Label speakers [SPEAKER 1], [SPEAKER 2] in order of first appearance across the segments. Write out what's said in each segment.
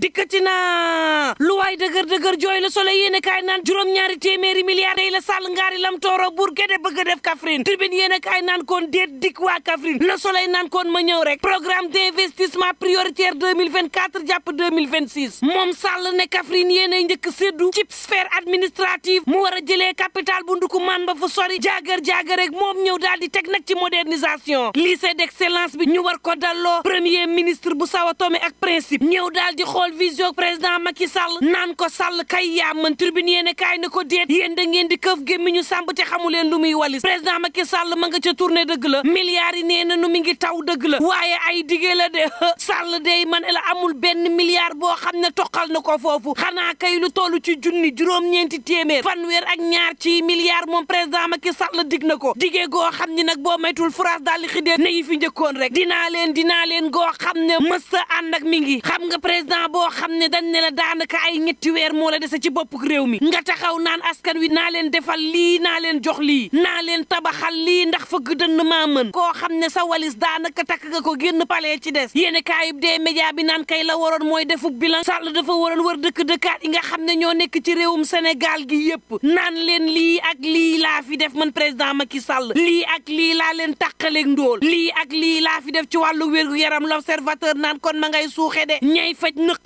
[SPEAKER 1] dikkati na lu waay dëgër dëgër jooy la soleil yéen a naan juróom-ñaari téeméeri milliards day la sàll ngaari lam tooro buur gede bëgg def Kaffrine tribune yéen a kaay naan koon déet dikk waa Kaffrine le soleil naan koon ma ñëw rek programme d'investissement prioritaire 2024 jàpp 2026 moom sàll ne Kaffrine yéen a njëkk séddu ci sphère administrative mu war a jëlee capital bu nduku man ba fu sori jaagar jaagar rek moom ñëw daal di teg nag ci modernisation lycée ko dalloo premier ministre bu Sao Tomé ak principe ñëw daal di xool defal visio président Macky Sall naan ko Sall kay yaa mën tribune yéene ko déet yéen da ngeen di këf gémmiñu sàmb te xamu leen lu muy walis président Macky Sall ma nga ca tournée dëgg la milliards yi nee nu mi ngi taw dëgg la waaye ay digee la de Sall ma ne la amul benn milliard boo xam ne toqal na ko foofu xanaa kay lu toll ci junni juróom-ñeenti téeméer fanweer ak ñaar ci milliard moom président Macky Sall dig na ko digee goo xam ni nag boo maytul France daal di xidee ne yi fi njëkkoon rek dinaa leen dinaa leen goo xam ne mës a ànd boo xam ne dañ ne la daanaka ay ñetti weer moo la dese ci bopp réew mi nga taxaw naan askan wi naa leen defal lii naa leen jox lii naa leen tabaxal lii ndax fëgg dënn maa mën koo xam ne sa walis daanaka takk nga ko génn palee ci des yéene kaayub dee média bi naan kay la waroon mooy defub bilan sàll dafa waroon wër dëkk dëkkaat yi nga xam ne ñoo nekk ci réewum Sénégal gi yépp naan leen lii ak lii laa fi def man président Macky sàll lii ak lii laa leen tàqaleeg ndóol lii ak lii laa fi def ci wàllu wér-gu-yaram l'observateur naan kon ma ngay suuxe de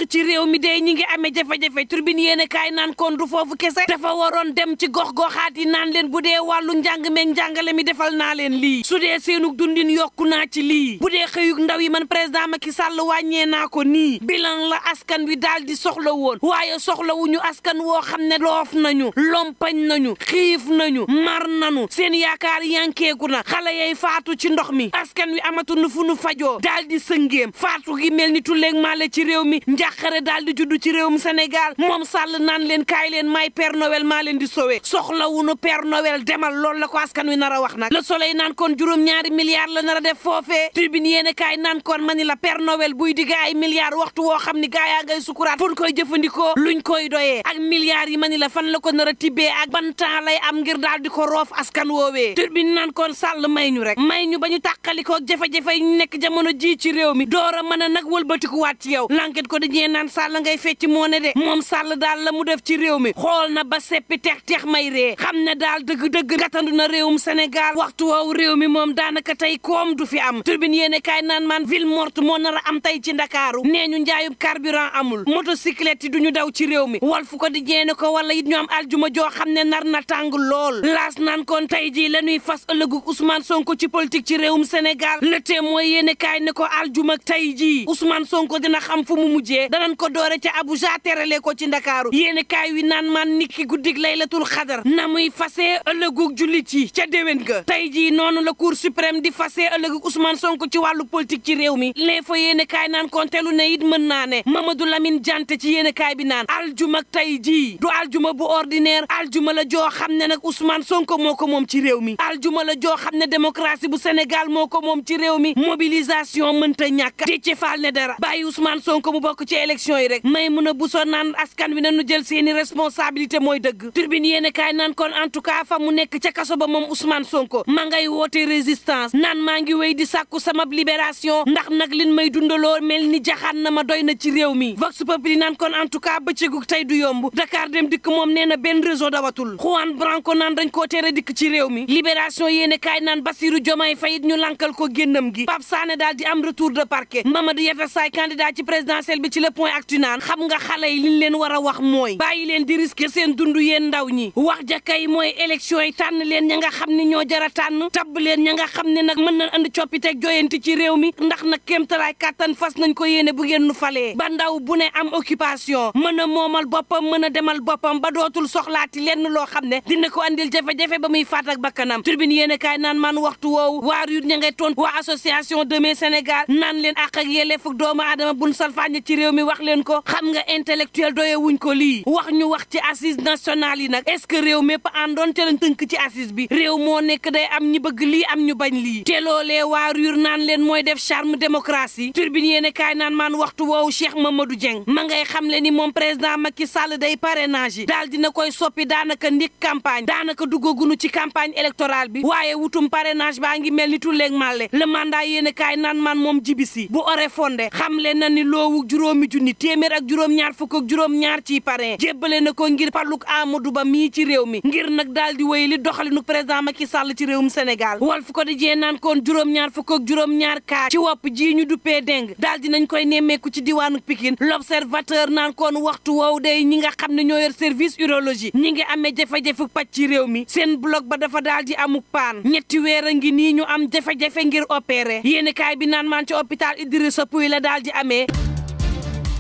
[SPEAKER 1] ci réew mi day ñi ngi amee jafe-jafe turbine yéen kaay naan kon du foofu kese dafa waroon dem ci gox-goxaat yi naan leen bu dee wàllu njàng meeg njàngale mi defal naa leen lii su dee seenug dundin yokku naa ci lii bu dee xëyug ndaw yi man président Macky Sall wàññee naa ko nii bilan la askan wi daal di soxla woon waaye soxlawuñu askan woo xam ne loof nañu lompañ nañu xiif nañu mar nañu seen yaakaar yankeeku na xale yay faatu ci ndox mi askan wi amatu nu fu nu fajoo di sëngéem faatu gi mel ni tulleeg ci réew mi njax njàqare daal di juddu ci réew réewum senegal moom sàll naan leen kaay leen may Père Noël maa leen di sowe soxlawuñu Père Noël demal loolu la ko askan wi nar a wax nag Le Soleil naan kon juróom-ñaari milliards la nar a def foofee tribune yéen kaay naan kon ma ni la Père Noël buy digga ay milliards waxtu woo xam ni gaa yaa ngay sukuraat koy jëfandikoo luñ koy doyee ak milliards yi man ni la fan la ko nar a tibbee ak ban lay am ngir daal di ko roof askan woowee tribune naan kon Sall may rek may ba ñu tàqalikoo jafe-jafe yi nekk jamono ji ci réew mi door a mën a nag wëlbatikuwaat ci yow l'enquête ko ñee naan salla ngay fecc moo ne de moom sàll daal la mu def ci réew mi xool na ba seppi tex tex may ree xam ne daal dëgg-dëgg gatandu na réewum senegal waxtu woowu réew mi moom daanaka tey koom du fi am turbine yéene kaay naan man ville morte moo nar a am tey ci ndakaaru nee ñu njaayum carburant amul motocyclette yi du ñu daw ci réew mi wal fu ko di jeene ko wala it ñu am aljuma joo xam ne nar na tàng lool laas naan kon tey jii la ñuy fas ëllëgu Ousmane Sonko ci politique ci réewum Sénégal le témoin yéene kaay ne ko aljuma tey jii Ousmane Sonko dina xam fu mu mujjee boobee danañ ko doore ca Abuja terale ko ci Ndakaaru yéeni kaay wi naan maan niki guddig laylatul xadar na muy fase ëllëgug jullit yi ca déwén ga tey jii noonu la cour suprême di fase ëllëgug Ousmane Sonko ci wàllu politique ci réew mi l'info yéeni kaay naan kontelu ne it mën naa ne Mamadou Lamine ci yéeni kaay bi naan aljuma tey jii du aljuma bu ordinaire aljuma la joo xam ne nag Ousmane Sonko moo ko moom ci réew mi aljuma la joo xam ne démocratie bu senegal moo ko moom ci réew mi mobilisation mënta ñàkk Déthié dara bàyyi Ousmane Sonko bokk ci ci élection yi rek may mun a busoo naan askan wi nañu jël seeni responsabilité mooy dëgg turbine yéen kaay naan kon en tout cas fa mu nekk ca kaso ba moom Ousmane Sonko ma ngay woote résistance naan maa ngi wéy di sàkku sama libération ndax nag lin may dundaloo mel ni jaxaan na ma doy na ci réew mi vox populi naan kon en tout cas bëccëgu tey du yomb Dakar dem dikk moom nee na benn réseau dawatul Juan Branco naan dañ koo tere dikk ci réew mi libération yéene kaay naan Bassirou Diomaye Faye ñu lankal ko génnam gi le ak actu naan xam nga xale yi liñ leen war a wax mooy bàyyi leen di risquer seen dund yéen ndaw ñi wax ja kay mooy élection yi tànn leen ña nga xam ne ñoo jara tànn tabb leen ña nga xam ne nag mën na andi coppiteeg joyanti ci réew mi ndax nag kéemtalaay kàttan fas nañ ko yéene bu ngeen nu falee ba ndaw bu ne am occupation mën a moomal boppam mën a demal boppam ba dootul soxlaati lenn loo xam ne dina ko andil jafe-jafe ba muy faat ak bakkanam tribune yéene kaay naan man waxtu woowu waar ña ngay toon association Demain Sénégal naan leen àq ak yelleefuk doomu aadama buñ salfaañe ci réew mi wax ko xam nga intellectuel doye wuñ ko lii wax ñu wax ci assise nationale yi nag est-ce que réew mépp àndoon te lañ tënk ci assise bi réew moo nekk day am ñi bëgg lii am ñu bañ lii te loolee waa RUR naan leen mooy def charme démocratie turbine yéene kaay naan maan waxtu woowu Cheikh Mamadou Dieng ma ngay xam le ni moom président Macky Sall day parrainage yi daal dina koy soppi daanaka ndik campagne daanaka duggagunu ci campagne électorale bi waaye wutum parrainage baa ngi mel ni tulleeg màlle le mandat yéene kaay naan na ni loowu juróomi juróomi junni téeméer ak juróom-ñaar fukk ak juróom-ñaar ci parrain jébbale na ko ngir parluk Amadou Ba mii ci réew mi ngir nag daal di wéy li doxalinu président Macky Sall ci réew réewum Sénégal di Quotidien naan kon juróom-ñaar fukk ak juróom-ñaar kaa ci wopp ji ñu duppee déng daal dinañ koy nemmeeku ci diwaanu Pikine l'Observateur naan kon waxtu woow day ñi nga xam ne ñoo yor service urologie ñi ngi amee jafe-jafe paj ci réew mi seen bloc ba dafa daal di amuk paan ñetti weer a ngi nii ñu am jafe ngir opérer yéenekaay bi naan maan ci hôpital Idrissa Pouye la daal di amee